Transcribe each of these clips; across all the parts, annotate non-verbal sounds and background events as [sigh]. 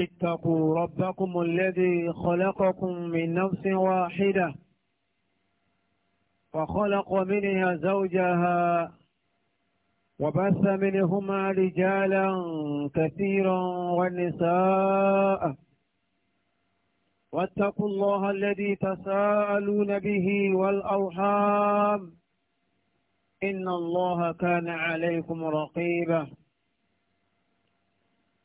اتقوا ربكم الذي خلقكم من نفس واحدة وخلق منها زوجها وبث منهما رجالا كثيرا والنساء واتقوا الله الذي تساءلون به والأرحام إن الله كان عليكم رقيباً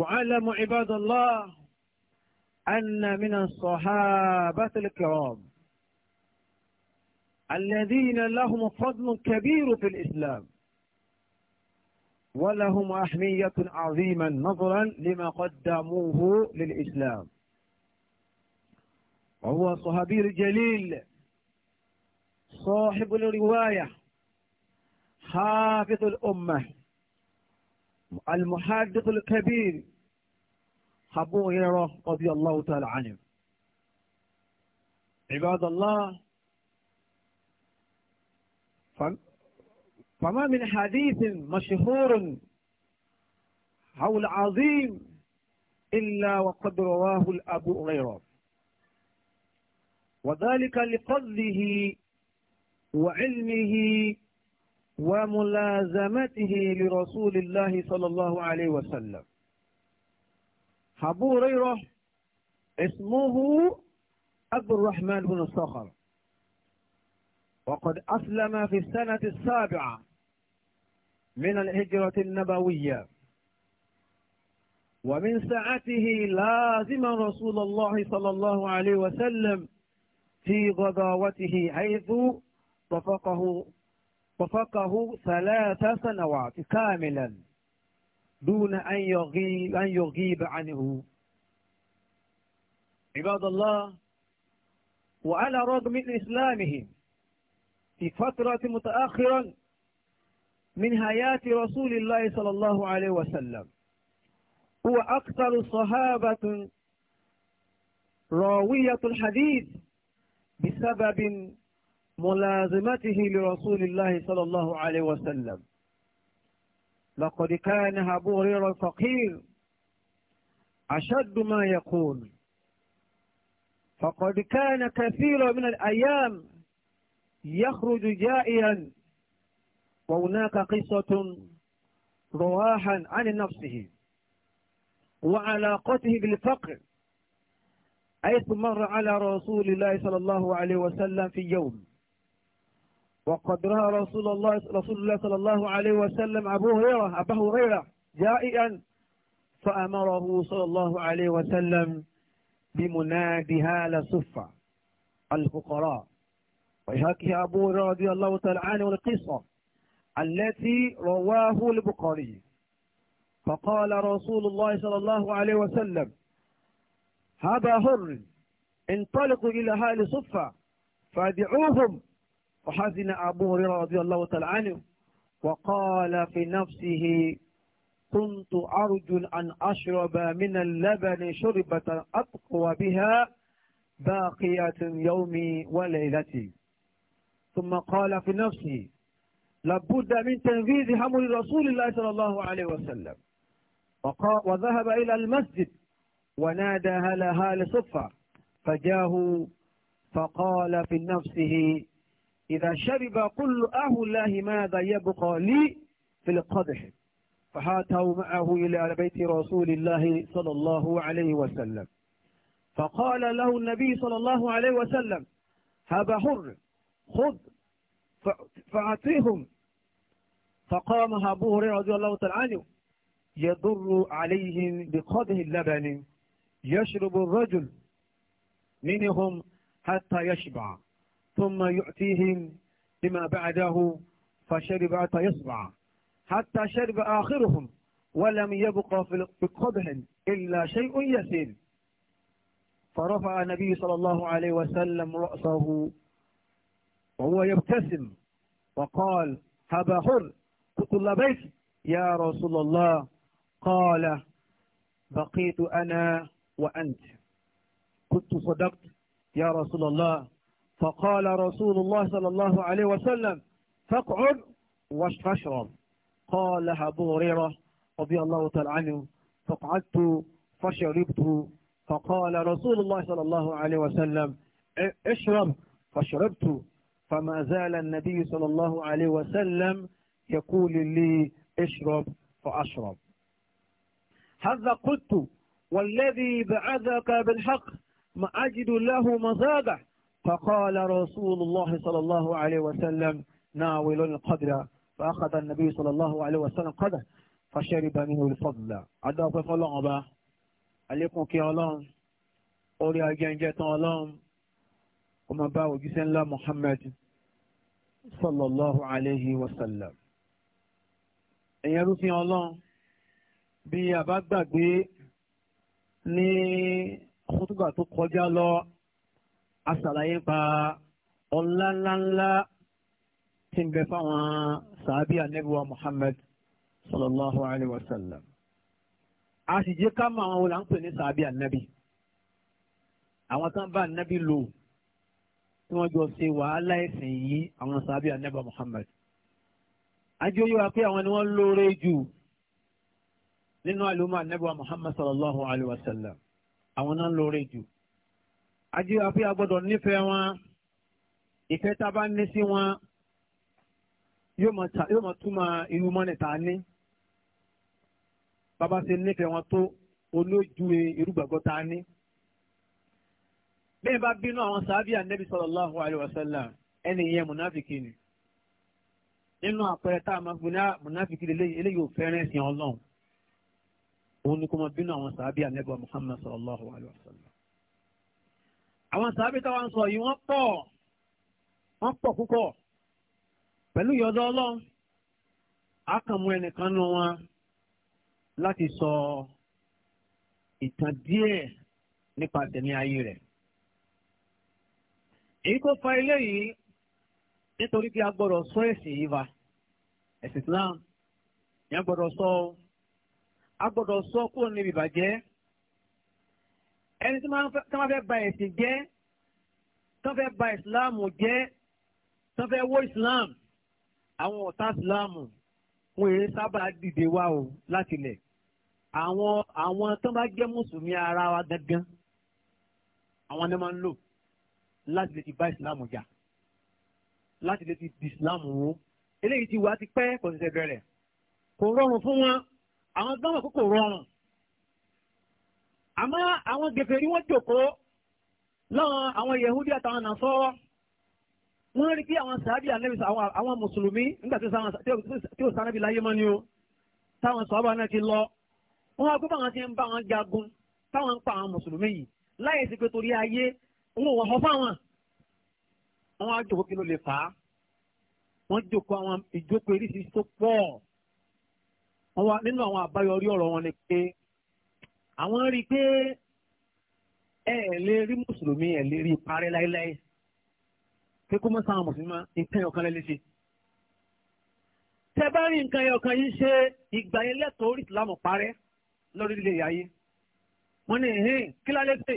واعلموا عباد الله أن من الصحابة الكرام الذين لهم فضل كبير في الإسلام ولهم أهمية عظيما نظرا لما قدموه للإسلام وهو صحابي الجليل صاحب الرواية حافظ الأمة المحدث الكبير أبو هريرة رضي الله تعالى عنه عباد الله فما من حديث مشهور حول عظيم إلا وقد رواه الأبو هريرة وذلك لفضله وعلمه وملازمته لرسول الله صلى الله عليه وسلم أبو هريرة اسمه عبد الرحمن بن الصخر وقد أسلم في السنة السابعة من الهجرة النبوية ومن سعته لازم رسول الله صلى الله عليه وسلم في غضاوته حيث وفقه وفقه ثلاث سنوات كاملا دون أن يغيب, أن يغيب عنه عباد الله وعلى رغم إسلامهم في فترة متأخرة من حياة رسول الله صلى الله عليه وسلم هو أكثر صحابة راوية الحديث بسبب ملازمته لرسول الله صلى الله عليه وسلم لقد كان أبو هريرة الفقير أشد ما يقول فقد كان كثيرا من الأيام يخرج جائعا وهناك قصة رواحا عن نفسه وعلاقته بالفقر حيث مر على رسول الله صلى الله عليه وسلم في يوم وقد رأى رسول الله رسول الله صلى الله عليه وسلم أبو هريرة أبا هريرة جائعا فأمره صلى الله عليه وسلم بمنادي هال صفة الفقراء ويحكي أبو هريرة رضي الله تعالى عنه القصة التي رواه البخاري فقال رسول الله صلى الله عليه وسلم هذا هر انطلقوا إلى هال صفة فادعوهم وحزن أبو هريرة رضي الله تعالى عنه وقال في نفسه كنت أرجو أن أشرب من اللبن شربة أتقوى بها باقية يومي وليلتي ثم قال في نفسه لابد من تنفيذ حمل رسول الله صلى الله عليه وسلم وقال وذهب إلى المسجد ونادى هلا هال صفة فجاه فقال في نفسه إذا شرب كل الله ماذا يبقى لي في القدح فهاتوا معه إلى بيت رسول الله صلى الله عليه وسلم فقال له النبي صلى الله عليه وسلم هذا حر خذ فأعطيهم فقام أبو هريرة رضي الله تعالى عنه يضر عليهم بقدح اللبن يشرب الرجل منهم حتى يشبع ثم يؤتيهم لما بعده فشرب حتى يصبع حتى شرب آخرهم ولم يبق في قبح إلا شيء يسير فرفع النبي صلى الله عليه وسلم رأسه وهو يبتسم وقال هبا حر قلت لبيك يا رسول الله قال بقيت أنا وأنت كنت صدقت يا رسول الله فقال رسول الله صلى الله عليه وسلم فاقعد واشرب قال أبو هريرة رضي الله تعالى عنه فقعدت فشربت فقال رسول الله صلى الله عليه وسلم اشرب فشربت فما زال النبي صلى الله عليه وسلم يقول لي اشرب فأشرب هذا قلت والذي بعثك بالحق ما أجد له مزاده فقال رسول الله صلى الله عليه وسلم ناول القدر فأخذ النبي صلى الله عليه وسلم قدر فشرب منه الفضل عدا فلان أبا عليكم كي الله أولي أجنجة الله وما باو جسن لا محمد صلى الله عليه وسلم إن يرسي الله بي أبا بي ni khutuba tó kọjá lọ asàlàyé pa ọlá ńláńlá tí ń bẹ fáwọn sàábì ànẹ́bùwà Muhammad sallallahu alayhi wa sallam a sì jẹ́ ká mọ àwọn olàǹpẹ ní sàábì ànẹ́bì àwọn tán bá ànẹ́bì lò tí wọ́n jọ ṣe wàhálà ẹ̀sìn yìí àwọn sàábì ànẹ́bùwà Muhammad ajó yóò wá pé àwọn ni wọ́n lóore jù nínú àlùmọ́ ànẹ́bùwà Muhammad sallallahu alayhi wa sallam àwọn náà lóore jù ajé àfi agbọ́dọ̀ nífẹ̀ẹ́ wọn ìfẹ́ tá a bá ní sí wọn yóò máa túmọ̀ irú mọ́nì tá a ní bàbá ṣe nífẹ̀ẹ́ wọn tó olójúwe irú gbàgbọ́ tá a ní. bẹ́ẹ̀ bá bínú àwọn sàábì ànẹ́bí sallallahu alaihi wasallam ẹni yẹn mùnáfìkì ni nínú àpẹẹrẹ tá a máa fi mùnáfìkì eléyìí ò fẹ́ràn ẹ̀sìn ọlọ́run òun ni kò máa bínú àwọn sàábì ànẹ́bí Muhammad sallallahu alaihi wasallam. àwọn sàábì táwọn sọ yìí wọ́n pọ̀ wọ́n pọ̀ púpọ̀ pẹ̀lú ìyọ̀dọ̀ ọlọ́run a kàn mú ẹnìkan nu wọn láti sọ ìtàn díẹ̀ nípa tẹ̀mí ayé rẹ̀. èyí tó fa eléyìí nítorí pé a gbọ́dọ̀ sọ ẹ̀sìn yìí wa ẹ̀sìn Islam yẹn gbọ́dọ̀ sọ a gbọ́dọ̀ sọ kúrò níbi ìbàjẹ́. ẹni tí wọ́n fẹ́ ba ẹ̀sìn jẹ́ tí wọ́n fẹ́ ba ìsìláàmù jẹ́ tí wọ́n fẹ́ wó ìsìláàmù àwọn ọ̀tá ìsìláàmù wọn èrè sábà dìde wá o láti lẹ̀ àwọn àwọn tó bá jẹ́ mùsùlùmí ara wa gangan àwọn ni máa ń lò láti lè ti bá ìsìláàmù jà láti lè ti di ìsìláàmù wó eléyìí ti wá ti pẹ́ kò sì ṣe bẹ̀rẹ̀ kò rọrùn fún wọn àwọn gbọ́dọ̀ kò kò rọrùn àmọ́ àwọn gèfèrí wọ́n jókòó lọ́wọ́ àwọn yehudi àtàwọn nàṣọ́ wọ́n rí kí àwọn sàábì ànábì àwọn mùsùlùmí nígbà tí ó sànábì láyé mọ́ ni o táwọn sọ́ọ́bà náà ti lọ wọ́n wá gbọ́dọ̀ àwọn ti ń bá wọn jagun táwọn ń pa àwọn mùsùlùmí yìí láyé sí pé torí ayé wọn ò wọ́n fáwọn wọ́n á jókòó kí ló lè fà á wọ́n jókòó àwọn ìjókòó eréṣiríṣi àwọn rí i pé ẹ ẹ lè rí mùsùlùmí ẹ lè rí parí láéláé pé kó mọ́ sáwọn mùsùlùmí máa nǹkan ẹ̀yọ̀kan lẹ́lẹ́ ṣe. tẹ́ bá rí nǹkan ẹ̀yọ̀kan yìí ṣe ìgbà yẹn lẹ́tọ̀ọ́ orí ìsìlámù parẹ́ lórí ilé ìyá yìí. wọ́n ní ẹ̀hìn kí lálẹ́ pé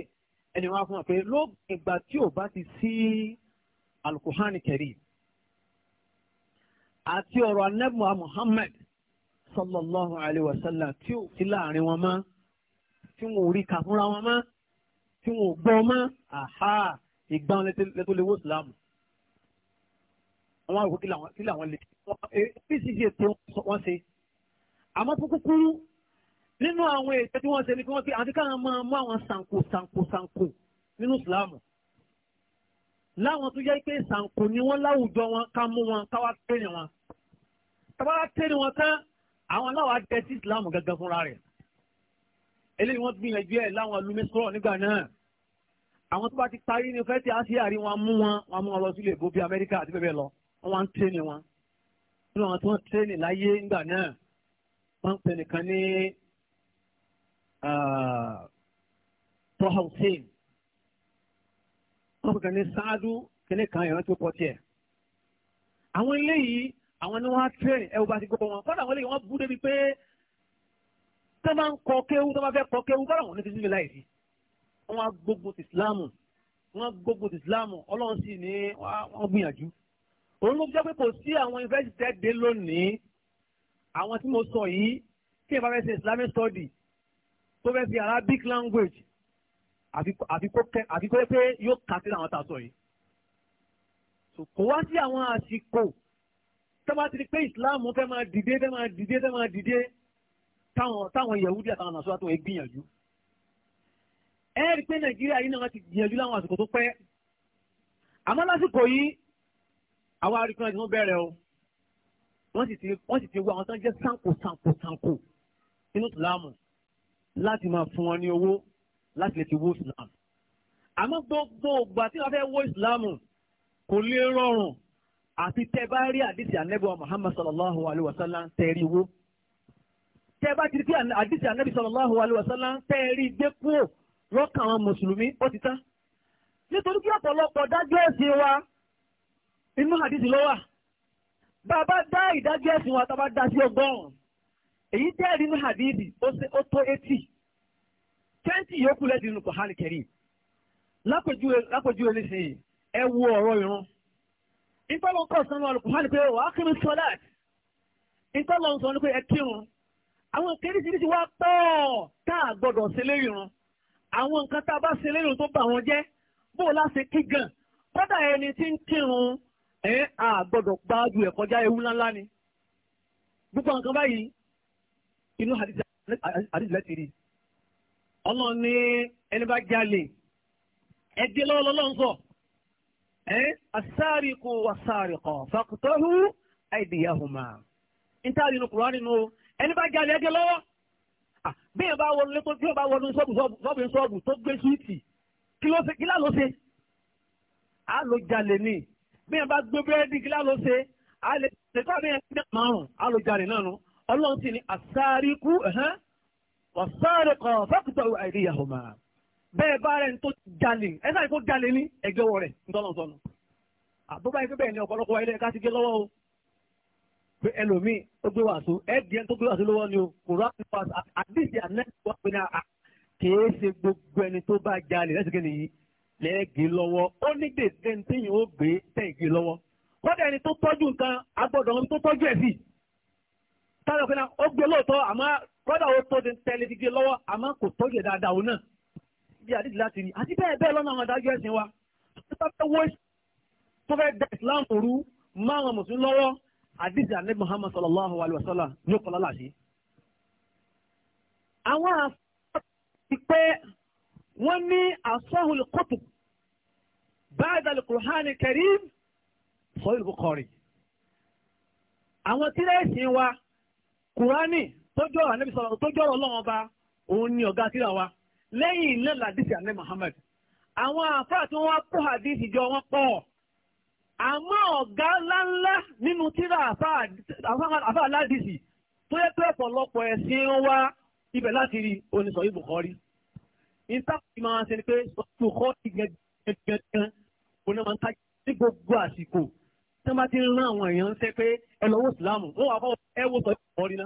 ẹni wọn á fún wa pé ló ìgbà tí ò bá ti sí alukuhani kẹrì àti ọ̀rọ̀ anẹ́bùwà Muhammad sallallahu alayhi wa tí ò sí láàrin wọn máa tí wọn ò rí kà fúnra wọn mọ́ tí wọn ò gbọ́ mọ́ àhá ìgbà wọn lẹ́tọ́ lè wó ìsìlámù. àwọn àrùkù kí làwọn lè apc eh, ètò wọn ṣe àmọ́ fún kúkúrú nínú àwọn ètò tí wọ́n ṣe ni kí wọ́n fi àti káwọn máa mú àwọn sànkò sànkò sànkò nínú ìsìlámù láwọn tó jẹ́ pé sànkò ni wọ́n láwùjọ wọn ká mú wọn káwá tẹ́lẹ̀ wọn tàbá tẹ́lẹ̀ wọn tán àwọn aláwọ̀ á jẹ́ sí ìsìlámù gẹ́gẹ́ fúnra rẹ̀ eléyìí wọ́n gbìyànjú ẹ̀ láwọn lumiskron nígbà náà àwọn tó bá ti parí ní fẹ́ tí a ṣe àrí wọn mú wọn wọn mú wọn lọ sílé ìbò bí Amẹ́ríkà àti bẹ́ẹ̀ bẹ́ẹ̀ lọ wọ́n wá ń tẹ́ni wọn nínú àwọn tí wọ́n tẹ́ni láyé nígbà náà wọ́n ń pè nìkan ní ah, Tọ́há Hussein wọ́n pè kàn ní Sáádú kíní kan ìrántí ó pọ̀ tiẹ̀ àwọn eléyìí àwọn ni wọ́n á tẹ́ni ẹ̀ wọ́n bá ti gbọ́ wọn kọ́dà wọ́n lè wọ́n bú débi pé tó máa ń kọ kéwú tó máa fẹ́ kọ kéwú bọ́lá wọn ní fífi láì sí wọn á gbogbo ti ìsìláàmù wọn á gbogbo ti ìsìláàmù ọlọ́run sì ní wọn gbìyànjú òun ló jẹ́ pé kò sí àwọn yunifásitì dé lónìí àwọn tí mo sọ yìí tí ìbá fẹ́ ṣe islamic study tó fẹ́ fi arabic language àfi kó pé yóò kà sí àwọn tá a sọ yìí kò wá sí àwọn àsìkò tó bá ti di pé ìsìláàmù fẹ́ máa dìde fẹ́ máa dìde fẹ́ máa dìde táwọn táwọn yahudi àtàwọn nàṣọ àtàwọn gbìyànjú ẹ rí i pé nàìjíríà yìí náà ti gbìyànjú láwọn àsìkò tó pẹ́ àmọ́ lásìkò yìí àwọn arìnrìn àti wọ́n bẹ̀rẹ̀ o wọ́n sì ti wọ́n sì ti wọ àwọn tó ń jẹ́ sanko sanko sanko nínú ìsìlámù láti máa fún wọn ní owó láti lè ti wó ìsìlámù àmọ́ gbogbo ìgbà tí wọ́n fẹ́ wó ìsìlámù kò lè rọrùn àti tẹ́ bá rí àdìsí ànẹ́bọ̀ Muhammad sallallahu alayhi wa sallam tẹ̀rí wó. tẹ́ bá ti rí pé àdìsí ànábì sallallahu alaihi wasallam tẹ́ ẹ rí gbé kúrò lọ́kàn àwọn mùsùlùmí ó ti tán nítorí kí ọ̀pọ̀lọpọ̀ dájọ́ ẹ̀sìn wa inú àdìsí ló wà Eyi a bá dá ìdájọ́ ẹ̀sìn wa tá a bá dá sí ọgọ́rùn èyí tẹ́ rí inú àdìsí ó tó etí twenty yòókù lẹ́dí inú kọ̀hánì kẹrì lápèjúwe nísìnyí ẹ wo ọ̀rọ̀ sanu alùpùpù hàn pé wàá kí mi pé ẹ kírun àwọn kéríṣiríṣi wá pọ̀ tá a gbọ́dọ̀ ṣe lérí àwọn nǹkan tá a bá ṣe tó bà jẹ́ bó láṣẹ kí gan kódà ẹni tí ń kírun a gbọ́dọ̀ gbájú ẹ̀ ewu ńláńlá ni gbogbo nǹkan báyìí inú àdìsílẹ̀ ti rí ọlọ́run ní ẹni bá jalè ẹgbẹ́ lọ́wọ́ sọ ẹni bá jalè ẹgẹ lọwọ bí ẹ bá wọnú tó bí ẹ bá wọnú sọ́ọ̀bù sọ́ọ̀bù tó gbé kí ló ṣe kí lá ṣe á ló jalè ní bí bá gbé kí ṣe á lè ṣe tó àbí ẹni márùn á ló jalè náà ọlọ́run bẹ́ẹ̀ bá rẹ̀ tó jalè ẹ sáré kó jalè ní ẹgbẹ́ rẹ̀ àbúrò pé ẹlòmíì ó gbé wàásù ẹ̀ẹ́dì tó gbé lọ́wọ́ ni o kò rà ní wàásù àdìsí pé kìí ṣe gbogbo ẹni tó bá jalè lẹ́sìkè nìyí lẹ́ẹ̀gì lọ́wọ́ ó ní ó gbé tẹ̀gì lọ́wọ́ kọ́dà ẹni tó tọ́jú nǹkan agbọ́dọ̀ ọ̀hún tó tọ́jú ẹ̀ sí ó gbé lóòótọ́ àmọ́ kọ́dà ó tó lọ́wọ́ àmọ́ kò tọ́jú òun náà bí àdìsí láti rí àti bẹ́ẹ̀ bẹ́ẹ̀ lọ́nà àwọn adájọ́ ẹ̀sìn wa àdìsí àlẹ́ Muhammad sallallahu alayhi wa sallam ní ọkọ̀ lálàsí. àwọn àfọwọ́sí pé wọ́n ní asahul kutub ba'da al-Qur'an al-Karim Sahih Bukhari. àwọn tírẹ̀sì wa kùránì tọ́jú ọ̀rọ̀ ànábì sọ̀rọ̀ tọ́jú ọ̀rọ̀ ọlọ́run ọba òun ni ọ̀gá tírà wa lẹ́yìn ilé làdìsí àlẹ́ Muhammad. àwọn àfáà tí wọ́n kó àdìsí jọ wọ́n pọ̀ àmọ́ ọ̀gá ńláńlá nínú tíra àfáà aládìsí tó yẹ pé ọ̀pọ̀lọpọ̀ ẹ̀sìn wa ibẹ̀ láti rí oníṣọ ìbùkọ́rí. ìtàkùn máa ṣe ni pé ìbùkọ́rí gẹ́gẹ́gẹ́gẹ́ oní máa ń tají ní gbogbo àsìkò tí wọ́n bá ti rán àwọn èèyàn ń ṣe pé ẹ lọ́wọ́ ìsìláàmù wọ́n wà fọwọ́ ẹ wo sọ ìbùkọ́rí ná.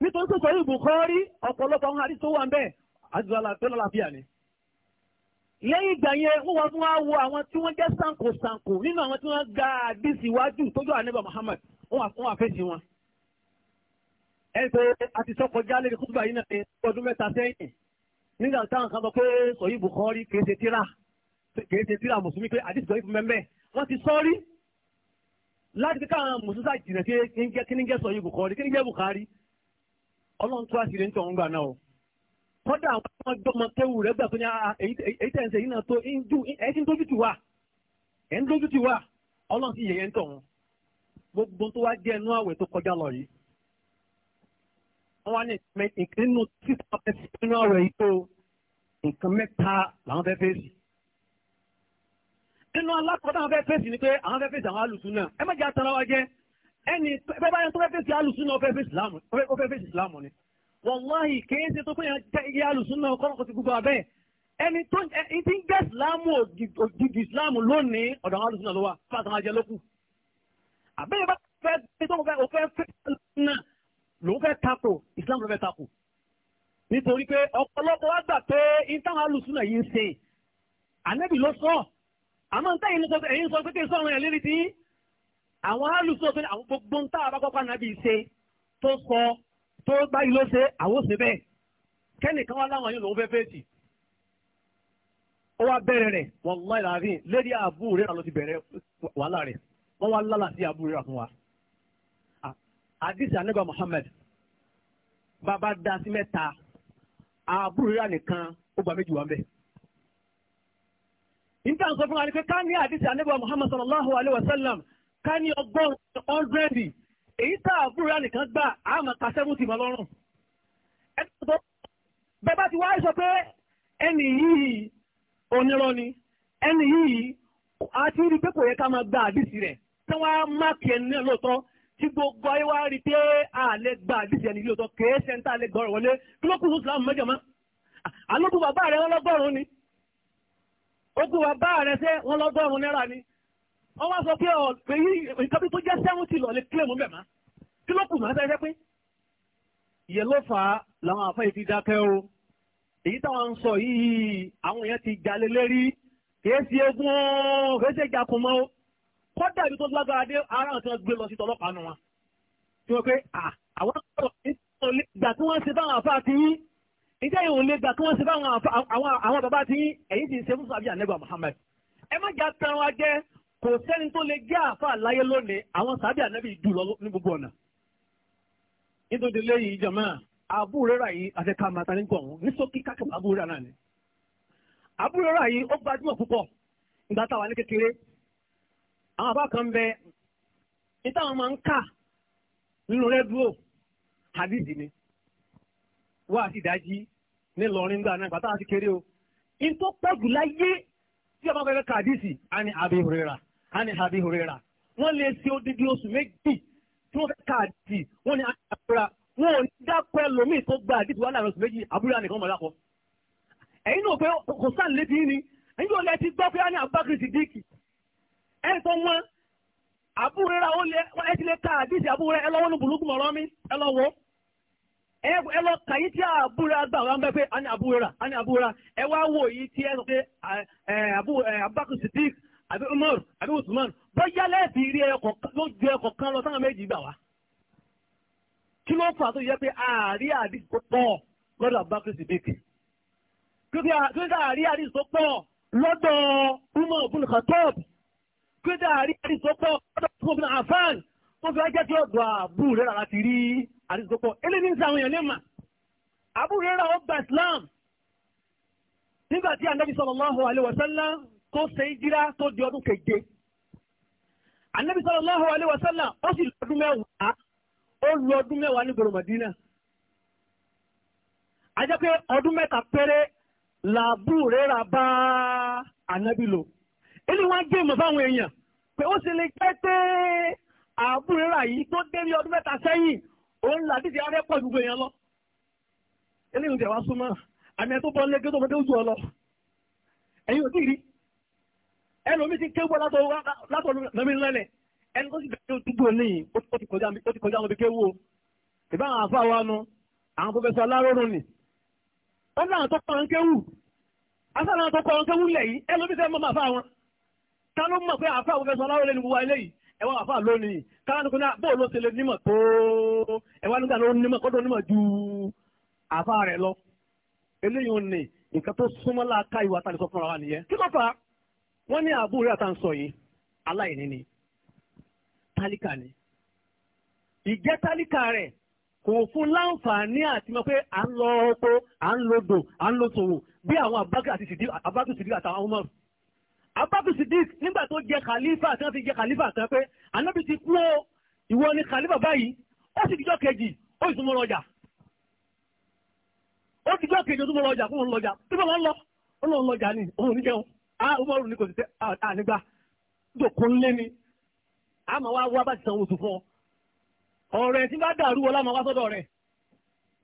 nítorí sọ ìbùkọ́rí ọ̀pọ̀lọpọ̀ àwọn lẹ́yìn ìgbà yẹn wọ́n wá fún wa wo àwọn tí wọ́n jẹ́ sankosanko nínú àwọn tí wọ́n gba àdìsí iwájú tójú àníbà Muhammad wọ́n wá fèsì wọn. ẹ pé a ti sọkọjá lórí kútùbà yìí náà ní ọdún mẹ́ta sẹ́yìn nígbà táwọn kan sọ pé sọ̀yí Bukhari kìí ṣe tíra kìí ṣe tíra mùsùlùmí pé àdìsí sọ̀yí fún mẹ́mẹ́ wọ́n ti sọ rí láti kíkà àwọn mùsùlùmí jìnnà kí ní jẹ́ sọ̀yí Bukhari kí ní jẹ́ Bukhari ọlọ́run tó àṣírí ń tọ̀ ń kọ́dà àwọn ọjọ́ ọmọ kéwù rẹ̀ gbà tó ní ah, ah, èyí tẹ̀ ń ṣe yìí náà tó ń dùn ẹ̀ ti ń dójú ti wà ẹ̀ ń dójú ti wà ọlọ́run ti yẹ̀yẹ́ ń tọ̀ wọn gbogbo tó wá jẹ́ inú àwẹ̀ tó kọjá lọ yìí. wọ́n wá ní nínú títà fẹ́sí nínú àwẹ̀ yìí tó nǹkan mẹ́ta làwọn fẹ́ fèsì. nínú alákọ̀ọ́ táwọn fẹ́ fèsì ni pé àwọn fẹ́ fèsì àwọn alùsùn náà ẹ má jẹ́ àtàrà wa jẹ́ ẹni bẹ́ẹ̀ báyẹn tó fẹ́ fèsì alùsùn náà ó fẹ́ fèsì ìsìlámù ni wàláhì kéèsè tó péyàn jẹ́ iye alùsùn náà kọ́nà kò ti gbogbo abẹ́ ẹni tó ń ti ń gẹ́ ìsìláàmù òdìdì ìsìláàmù lónìí ọ̀dọ̀ àwọn alùsùn náà ló wà fún àtàwọn ajẹ́ lókù. àbẹ́yẹ bá fẹ́ pé tó fẹ́ òfẹ́ fẹ́ náà lòun fẹ́ tako ìsìláàmù ló fẹ́ tako. nítorí pé ọ̀pọ̀lọpọ̀ wá gbà pé ìtàwọn alùsùn náà yìí ń ṣe ànẹ́bì ló sọ àmọ́ ẹ̀yin sọ pé tó báyìí ló ṣe àwòṣe bẹ́ẹ̀ kẹ́nìkan wá láwọn yìí lòún fẹ́ fèsì ó wá bẹ̀rẹ̀ rẹ̀ wàláì láàrin lédi àbú rẹ̀ ló ti bẹ̀rẹ̀ wàhálà rẹ̀ wọ́n wá lálà sí àbú rẹ̀ fún wa. àdìsí Muhammad bàbá da sí mẹ́ta àbú rẹ̀ nìkan ó gbà méjì wá ni pé ká ní àdìsí anábà sallallahu alayhi wa sallam ká ní ọgbọ́n ọ̀rẹ́dì èyí tá a fúnra nìkan gbà á máa ka sẹ́fúntì mọ́ lọ́rùn bẹ́ẹ̀ bá ti wá sọ pé ẹni yìí onírọ́ ni ẹni yìí àti rí pé kò yẹ ká máa gba àdìsí rẹ̀ tí wọ́n á máàkì ẹni náà lóòótọ́ tí gbogbo ayé wá rí pé àlẹ́ gba àdìsí ẹni lóòótọ́ kèé sẹ́ńtà àlẹ́ gbọ́rọ̀ wọlé kí ló kù mẹ́jọ mọ́ àlókù bàbá rẹ̀ wọ́n lọ́gọ́rùn-ún ni ó bàbá rẹ̀ sẹ́ wọ́n lọ́gọ́rùn-ún náírà ni wọ́n wá sọ pé ọ oh, pé nǹkan bí tó jẹ́ sẹ́wọ́ntì lọ lè kílẹ̀ mú bẹ̀ má kí ló kù má sẹ́yẹ́ pé. ìyẹn ló fà á làwọn àfa yìí fi dákẹ́ o èyí táwọn ń sọ yìí àwọn èèyàn ti jalè lérí kìí ṣe egun kìí ṣe jakun mọ́ o kọ́dà ibi tó lágbára dé ara àwọn tí wọ́n gbé lọ sí tọlọ́pàá nù wọn. tí wọ́n pé àwọn ọ̀rọ̀ ìgbà tí wọ́n ṣe báwọn àfa ti yín ìjẹ́ ìwọ̀n lè gbà kí wọ́n ṣe báwọn àwọn bàbá ti yín ẹ̀yìn ti ṣe fún sàbíà nẹ́gbà Muhammad ẹ má jà tán wa jẹ́ kò sẹ́ni tó lè jẹ́ àáfàá láyé lónìí àwọn sàbí ànábì jù ní gbogbo ọ̀nà nítorí àbúrẹ́rà yìí màtá ní gbọ̀n ní sókí kákàbà àbúrẹ́rà náà ni àbúrẹ́rà yìí ó gbajúmọ̀ púpọ̀ nígbà táwa ní kékeré àwọn àbá kan bẹ hadizi ni wá sí ìdájí nílọrin gbà náà o jù láyé tí a á ní ani abi horera wọ́n lè ṣe odidi oṣù méjì tí wọ́n fẹ́ káàdì wọ́n ni àbúrà wọn ò ní dápẹ́ lómìn tó gba àdìtú wàhálà oṣù méjì àbúrà nìkan mọ̀ lápọ̀. ẹ̀yin náà pé kò sáà létí ni ti gbọ́ pé a ní abakiri sidiki ẹ̀ tó wọ́n àbúrera ó lé ẹ ti lè káàdì sí àbúrera ẹ lọ́wọ́ ní burúkú mọ̀rọ́ mi ẹ lọ́wọ́ ẹ lọ kàyí tí àbúrera gbà wọn bẹ pé a àbí Umar àbí Usman bóyá lẹ́ẹ̀sì rí ẹ̀kọ́ ló ju ẹ̀kọ́ kan lọ sáwọn méjì gbà wá. kí ló fà tó yẹ pé àárí àdìs tó pọ̀ lọ́dọ̀ Abubakar Siddiq kí ló dé àárí àdìs tó pọ̀ lọ́dọ̀ Umar bin Khattab kí ló dé àárí àdìs tó pọ̀ lọ́dọ̀ Usman bin Affan wọ́n fi wá jẹ́ kí ọ̀dọ̀ àbúrò rẹ̀ láti rí àdìs tó pọ̀ eléyìí ní sàwọn èèyàn ní mà àbúrò rẹ̀ ó gba Islam nígbà tí Ànábì sallallahu tó ṣe ìjírá tó di ọdún anabi sallallahu alayhi wa sallam ó sì lọ́dún mẹ́wàá ó lu ọdún ní Madina a jẹ́ pé ọdún mẹ́ta péré làbú rẹ́ra bá anabi lò ilé wọn gé mọ fáwọn èèyàn pé ó si lè kẹtẹ pé yi to yìí tó dé ní ọdún gbogbo èèyàn lọ wá àmì tó tó ẹlòmí ti kéwọ́ látọ̀ lómi lẹ́lẹ̀ ẹni tó sì bẹ̀rẹ̀ dúgbò níyìn ó ti kọjá lóbi kéwọ́ ìbá àwọn afá wa nu àwọn pọfẹsọ aláróró ni ó ní àwọn tó kọ́ kéwù asára àwọn tó kọ́ kéwù lẹ̀ yìí ẹlòmí sẹ́ mọ́ máa fá wọn ká ló mọ̀ pé àfá pọfẹsọ aláróró ni gbogbo eléyìí ẹwà àfá lónìí káwọn ní kò ní ah, bóò ló ṣe lè nímọ̀ tó ẹwà nígbà ló nímọ̀ ju àfá rẹ̀ lọ eléyìí ò ní nǹkan tó súnmọ́ láàká ìwà tàbí fúnra wa nìyẹn kí ló fà á wọ́n ní àbúrò rẹ̀ aláìní ni tálíkà ni ìjẹ́ tálíkà rẹ̀ kò fún láǹfààní àti mọ̀ pé à ń lọ oko à ń lo dò à ń lo sòwò bí àwọn abákù sídìí àtàwọn ọmọ abákù sídìí nígbà tó jẹ kàlífà tí wọ́n fi jẹ kàlífà kan pé ànábì ti kú ó ìwọ ni kàlífà báyìí ó sì dijọ́ kejì ó sì tún mọ́ lọ́jà ó dijọ́ kejì ó tún mọ́ lọ́jà fún òun lọ́jà tí ah umaru ni kò sí ànígbà ah, ah, jòkó ńlé ni a máa wá wá bá ti sanwó oṣù fún ọ ọ̀rẹ́ tí bá dàrú wọlé àmọ́ wá sọ́dọ̀ rẹ̀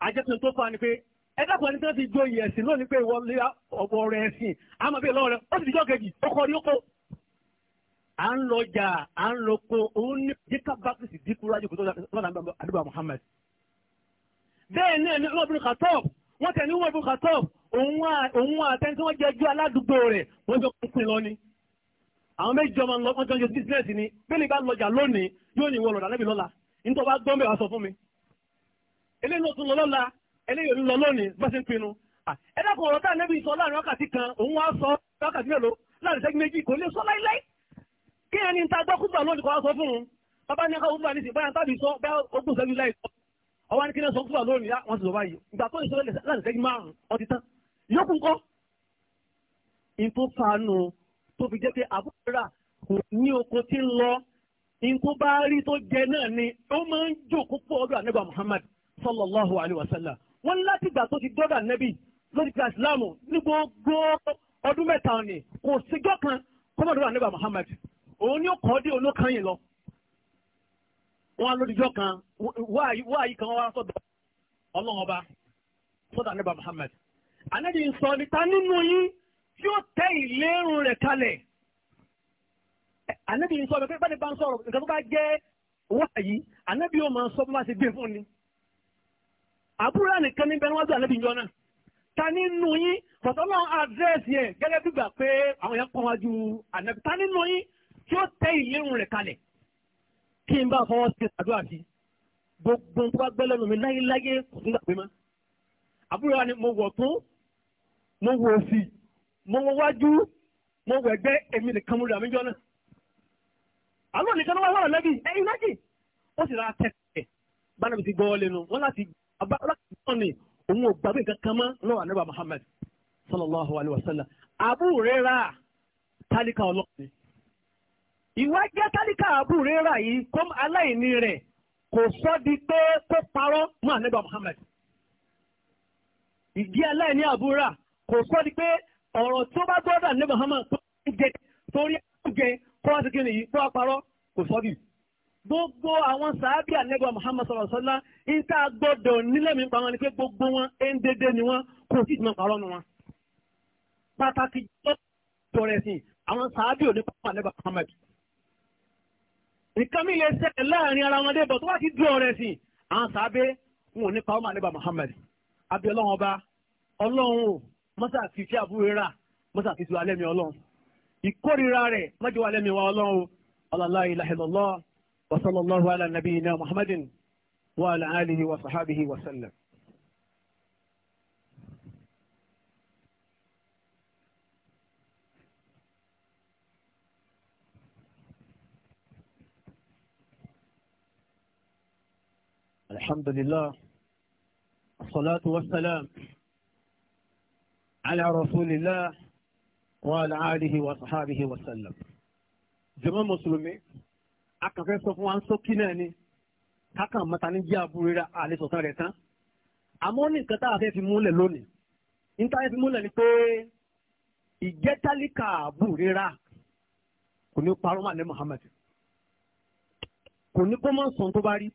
àjẹsìn tó fa ni pé ẹ dákun ẹni tí wọ́n ti jó iye ẹ̀sìn lónìí pé ìwọ lé ọ̀pọ̀ ọ̀rẹ́ ẹ̀sìn a máa bẹ̀ lọ́wọ́ rẹ̀ ó sì dijọ́ kejì ó kọ́ ni ó à ń lọ jà à ń lọ kó òun ní jíkà bákìsì dínkù rájò kó tó lọ́dà àdúgbò Muhammad. bẹ́ẹ̀ náà ni ọmọbìnrin kàtọ́ọ̀ wọ́n tẹ̀ ní ọmọbìnrin kàtọ́ọ̀ òun àtẹni tí wọ́n jẹ́ ju aládùúgbò rẹ̀ wọ́n jọ pín lọ ni. àwọn méjì ọmọ lọ wọ́n jọ ń ṣe bísíǹsì ni bẹ́ẹ̀ni bá lọjà lónìí yóò ní ìwọ lọ̀dà lẹ́bi lọ́la nítorí wọ́n gbọ́n bẹ́ẹ̀ wá sọ fún mi. eléyìí ló tún lọ lọ́la eléyìí ló lọ lónìí bá ṣe ń pinnu. ẹ dákun ọ̀rọ̀ táà lẹ́bi sọ láàrin wákàtí kan òun wá sọ wákàtí mélòó láàrin sẹ́gi méjì kò lè sọ láíláí. kí ẹni ta gbọ́ lónìí kò wá sọ fún un bàbá ní ká kúgbà nísìnyí báyà tábì sọ bá ogún sẹ́gi láì sọ ọwọ́ ní kí ní sọ kúgbà lónìí wọ́n ti sọ báyìí ìgbà tó ìṣẹ́lẹ̀ láàrin sẹ́gi márùn-ún ọtí yókù ńkọ́ in tó fanu tó fi jẹ́ pé àbúrò kò ní oko tí ń lọ in bá rí tó jẹ náà ni ó máa ń jókòó pọ̀ ọdún ànábà Muhammad sallallahu alayhi wa sallam wọ́n láti gbà tó ti dọ́dà nẹ́bí lórí ti ìsìláàmù ní gbogbo ọdún mẹ́ta ọ̀nì kò síjọ́ kan kọ́mọ̀dọ́dà ànábà Muhammad òun ni ó kọ́ dé olókan yìí lọ wọn lódìjọ́ kan wáyé kan wá sọ́dọ̀ ọlọ́run ọba sọ́dọ̀ ànábà Muhammad anájì ń sọ níta nínú yín tí ó tẹ ìlérun rẹ̀ kalẹ̀ anábì ń sọ ọ̀rọ̀ pé báni bá ń sọ̀rọ̀ nǹkan tó bá jẹ́ wáyà yìí anábì yóò máa sọ bí wọ́n ti gbé fún ni. àbúrò nìkan níbẹ̀ níwájú anábì yọ náà ta nínú yín pọ̀tọ́ náà àdírẹ́sì yẹn gẹ́gẹ́ bí gbà pé àwọn yẹn pọ̀ wájú anábì ta nínú yín tí ó tẹ ìlérun rẹ̀ kalẹ̀ kí n bá fọwọ́ sí àdúrà sí gbogbo tó gbẹ́lẹ́nu mi láyé láyé kò tún gbà pé mọ́ àbúrò wa mo wọ̀ tún mo wò sí mo wọ wájú mo wọ ẹgbẹ́ èmi nìkan mo rà mí jọ́nà. àlọ́ nìkan ló wá lọ́rọ̀ lẹ́bí ẹ̀yin lájì ó sì ra tẹ̀sẹ̀ bánàbí ti gbọ́ lẹ́nu wọn láti gbọ́ ni òun ò gbàgbé nǹkan kan mọ́ lọ́wọ́ àníbà Muhammad sallallahu alayhi wa sallam Abu Huraira tálíkà ọlọ́ọ̀ni ìwà jẹ́ tálíkà Abu Huraira yìí kó aláìní rẹ̀ kò sọ́ di pé kó parọ́ mọ́ àníbà Muhammad ìdí aláìní Abu Huraira kò sọ di pé ọ̀rọ̀ tí ó bá gbọ́dọ̀ ní Muhammad tó ń jẹ torí kó gbogbo àwọn sàábì ànẹ́gbà nílẹ̀ mi pa wọn ni pé gbogbo wọn ń dédé ni wọn kò sì parọ́ nu wọn. pàtàkì jọ́ tọrẹ sí àwọn sàábì ò ní ànẹ́gbà nǹkan mi lè ṣẹlẹ̀ láàrin ara wọn tó wá ti dúró mọ́sá fi sí àbúrò rà mọ́sá fi sí wa lẹ́mi ọlọ́run ìkórira rẹ̀ mọ́jọ́ wa lẹ́mi wa ọlọ́run ọlọ́lá ilàhìlọ́lọ́ wasalọ́lọ́hu ala nabiyina muhammadin wa ala alihi wa sahabihi wa sallam. الحمد لله والصلاة والسلام على رسول الله وعلى آله وصحابه وسلم jàmá mùsùlùmí akàfẹ́ sọ fún wa ń sókí náà ni kákan mọ́ta ní jẹ́ àbúrò rẹ̀ àlẹ́ sọ̀tàn rẹ̀ tán àmọ́ ní nǹkan tá a fẹ́ fi múlẹ̀ lónìí níta fẹ́ fi múlẹ̀ ni pé ìjẹ́tálíkà àbúrò rà kò ní parọ́ màlẹ́ Muhammad kò ní kó máa sàn tó bá rí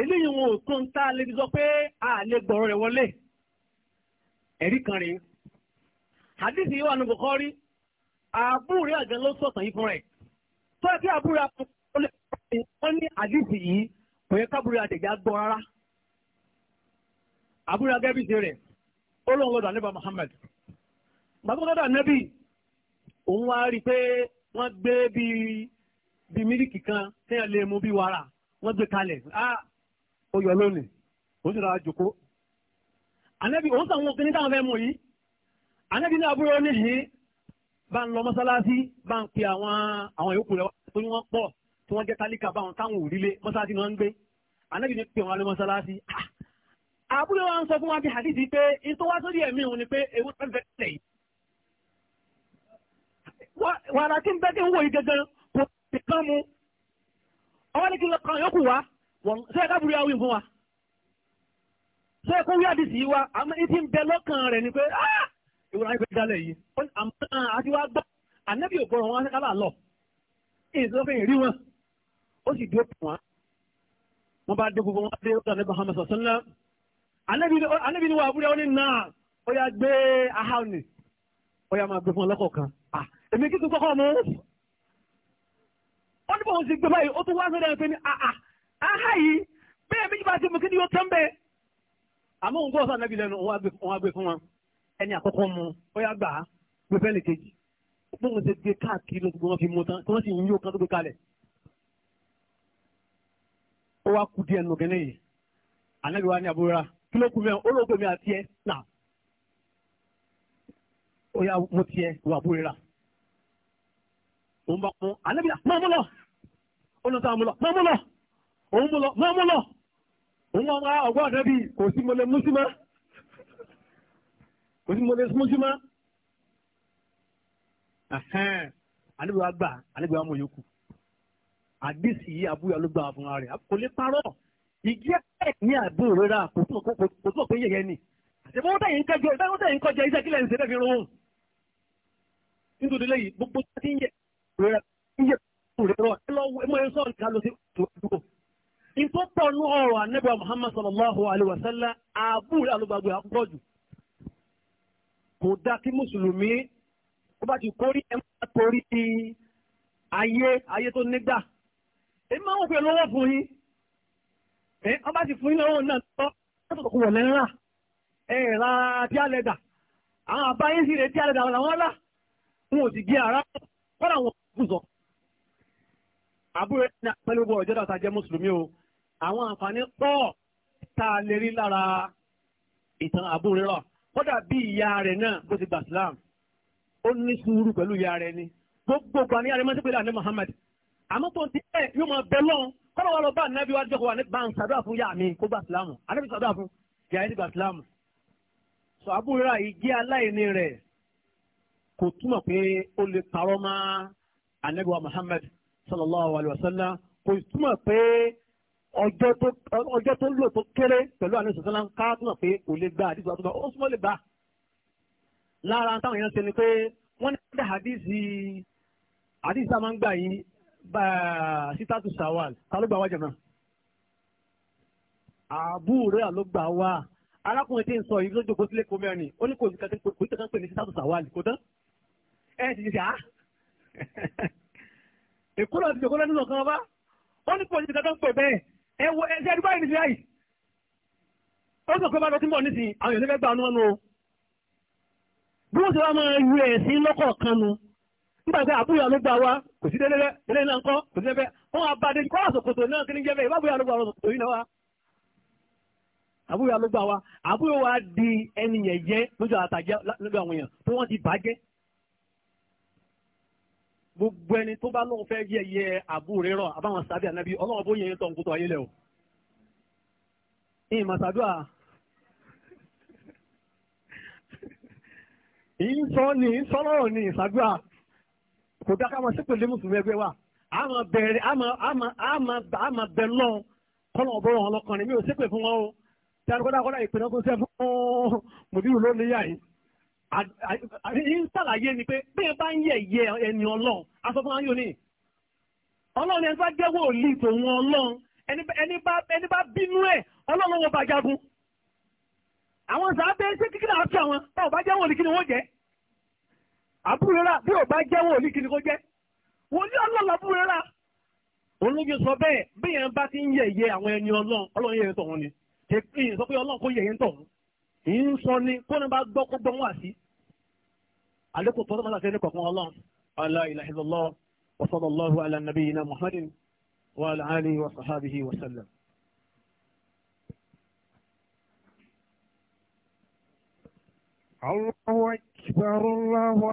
eléyìí wọn ò tó ń tá a lè fi sọ pé a lè gbọ́rọ̀ rẹ̀ wọlé. ẹ̀rí kan rèé hadithi yìí wà ní Bukhari àbúrò àgbẹ̀ ló sọ̀tàn yìí fún rẹ̀ tó yẹ kí àbúrò àpòlẹ̀ ní hadithi yìí kò yẹ kábúrò àtẹ̀já gbọ́ rárá àbúrò àgbẹ̀ bí ṣe rẹ̀ ó lóun lọ́dọ̀ àníbà gbàgbọ́dọ̀ ànábì òun wá rí i kan téèyàn lè wàrà wọ́n gbé kalẹ̀ ah ó yọ lónìí ó ànábì òun sàwọn òkè ní táwọn fẹ́ mú yìí ànábì ní àbúrò níhìn bá ń lọ mọ́sálásí bá ń pe àwọn àwọn yòókù rẹ̀ tó ní wọ́n pọ̀ tí wọ́n jẹ́ tálíkà báwọn táwọn ò rílé mọ́sálásí ni wọ́n ń gbé ànábì ní pè wọn lọ mọ́sálásí. Ah! àbúrò wa ń sọ fún wa bí hadith pé ìtọ́ wá sórí ẹ̀mí òun ni pé ewu tó ń fẹ́ tẹ̀ yìí. wàrà tí ń bẹ́ tí ń wò yìí gangan kò tẹ̀ kán mu ọwọ́ ní kí lọ kàn yòókù wa sẹ́yìn ṣé kó wí àdìsí wa àmọ́ etí ń bẹ lọ́kàn rẹ̀ ni pé ah! ìwúrọ̀ ayé fẹ́ dálẹ̀ yìí àmọ́ àti wá gbọ́ ànábì ò gbọ́rọ̀ wọn kálá lọ ìṣòfin ìrí wọn ó sì dúró pọ̀ wọn. wọ́n bá dé gbogbo wọn dé ọ̀dọ̀ ànábì Muhammad sọ̀sánná ànábì ni wà àbúrẹ́ wọn ní náà ó yà gbé ahọ́n ni ó yà máa gbé fún ọlọ́kọ̀ọ̀kan èmi kí tún kọ́kọ́ mú ó ní bọ̀ sì gbé báyìí ó tún wá àmọ́ òun gbọ́dọ̀ sànàbí lẹ́nu òun àgbẹ̀ fún wọn ẹni àkọ́kọ́ mu ó yá gbà á gbé fẹ́ẹ́ lè kejì bí wọ́n ṣe gbé káàkiri ló gbé wọn fi mú tán tí wọ́n sì ń yó kan tó gbé kalẹ̀. ó wá kú díẹ̀ nù kẹ́nẹ́ yìí ànábì wa ní àbúrò kí ló kú mẹ́rin ó lóògùn mi àti ẹ̀ nà ó yá mú tiẹ̀ wà àbúrò òun bá mú ànábì máa mú lọ ó lọ sáà mú lọ máa mú lọ òun mú lọ máa mú lọ òun wọn wá ọgbọ́n ọ̀dẹ́bí kò sí mo lè mú sí mọ́ kò sí mo lè mú sí mọ́ àlejò àgbà àlejò àmọ̀ yòókù àdìsí yìí àbúyọ ló gbà fún ara rẹ̀ kò lè parọ́ ìdí ẹ̀ ní àbúrò rẹ̀ rà kò tó pé yẹ̀yẹ́ ni àtẹ̀fọ́ wọ́n tẹ̀yìn kẹjọ ìdáwọ́ tẹ̀yìn kọjá iṣẹ́ kílẹ̀ ń ṣe dẹ́fi rún nítorí lẹ́yìn gbogbo tí ń yẹ rẹ̀ ń yẹ rẹ̀ rọ̀ ìtò pọ̀nù ọ̀rọ̀ ànábì Muhammad sallallahu alayhi wa sallam àbúrò alùpàgbé àpọ̀jù kò dá kí mùsùlùmí ó bá ti kórí ẹ̀ máa torí ayé ayé tó nígbà èyí máa ń wọ́n pé lọ́wọ́ fún yín ẹ̀ ọ bá ti fún yín lọ́wọ́ náà tọ́ ẹ̀ tó kọ̀ wọ̀ lẹ́rà ẹ̀ ra tí a lẹ́dà àwọn àbáyé sì rẹ̀ tí a lẹ́dà làwọn rà wọn ò sì gé ara kọ́dà wọn kù sọ àbúrò ẹ̀ ní apẹ́lẹ́wọ̀ ọ̀jọ́dọ̀ àtàjẹ́ mùsùlùmí o àwọn àǹfààní pọ̀ tá a lè rí lára ìtàn àbúrérọ̀ kódà bí ìyá rẹ̀ náà bó ti gbà Islam ó ní sùúrù pẹ̀lú ìyá rẹ̀ ni gbogbo ọgbà ní arẹmọ́sí pẹ̀lú àná Muhammad àmọ́ tó ń ti bẹ́ẹ̀ yóò máa bẹ lọ́n kọ́nà wà lọ bá ànábi wá jọ́kọ̀ wà ní bá ń sàdúrà fún yá mi kó gbà Islam ànábi sàdúrà fún yá ẹni gbà Islam sọ àbúrérọ̀ yìí jẹ́ aláìní rẹ̀ kò túmọ̀ pé ó lè parọ́ mọ́ ànábi wa Muhammad sallallahu alayhi wa sallam kò túmọ̀ pé ọjọ́ tó lò tó kéré pẹ̀lú àlejò sọ́lá ń ká tó hàn pé kò lè gba àdìsí àtúntò ó súnmọ́ lè bá. lára táwọn èèyàn ṣe ni pé wọ́n ní ká àdìsí àdìsí tá a máa ń gbà yìí bá sítátù sawal ta ló gbà wá jẹ̀mọ́. àbúrò rẹ̀ ló gbà wá arákùnrin tí ń sọ yìí lójú kó sílé kó mẹ́rin ó ní kò sí kankan kò sí kankan pè ní sítátù sawal kò tán. ẹ ti ṣe à ah! [laughs] èkó náà ti ṣèkó lẹ́nu ẹwọ ẹsẹ ẹdúgbà yìí nìsí láyìí ó sọ pé bá lọ sí mọ̀ nísìnyí àwọn èèyàn fẹ́ gbà ọ́nú o bí wọ́n ti wá máa yú ẹ̀ sí lọ́kọ̀ọ̀kan nu nígbà pé àbúyà ló gbà wá kò sí délé délé náà ńkọ́ kò sí délé wọn abadé kọ́ àsòkòtò náà kí ni jẹ́ bẹ́ẹ̀ ìbábúyà ló gbà wá sòkòtò yìí náà wá àbúyà ló gbà wá àbúyà wa di ẹni yẹn jẹ́ lójú àtàjẹ́ lójú àwọn èèyàn tó wọ́n ti bàjẹ́ gbogbo ẹni tó bá lọ́wọ́ fẹ́ yẹ yẹ àbúrò rọ àbáwọn sábẹ́ ànábì ọlọ́wọ́ bó yẹn tó ń kótó ayé lẹ̀ o. ìyìn màsàdúà ìyìn sọ ní sọlọ́rọ̀ ní ìsàdúà kò dá ká máa mùsùlùmí ẹgbẹ́ wa lọ ọ̀bọ̀ ni mi ò fún wọn o tí a kó ń sàlàyé ni pé bẹ́ẹ̀ bá ń yẹ̀yẹ́ ẹni ọlọ́run aṣọ fún ayé òní ọlọ́run ẹni bá jẹ́wọ́ òlì tòun ọlọ́run ẹni bá bínú ẹ̀ ọlọ́run wọn bá jagun àwọn sàábẹ́ ṣé kíkí náà fi àwọn táwọn bá jẹ́wọ́ òlì kí ni wọ́n jẹ́ àbúrò rà bí ò bá jẹ́wọ́ òlì kí ni wọ́n jẹ́ wọ́n ní ọlọ́run àbúrò rà olóye sọ bẹ́ẹ̀ bí yẹn bá ti ń yẹ̀yẹ́ àwọn ẹni ọlọ́run ọlọ́run yẹ̀yẹ́ tọ̀hún ni kì í sọ pé ọlọ́run kò yẹ̀yẹ́ tọ̀hún ìyín sọ ni kó ní bá gbọ́ kó gbọ́ wá sí i عليكم الصلاه والسلام الله لا اله الا الله وصلى الله على نبينا محمد وعلى اله وصحبه وسلم الله اكبر الله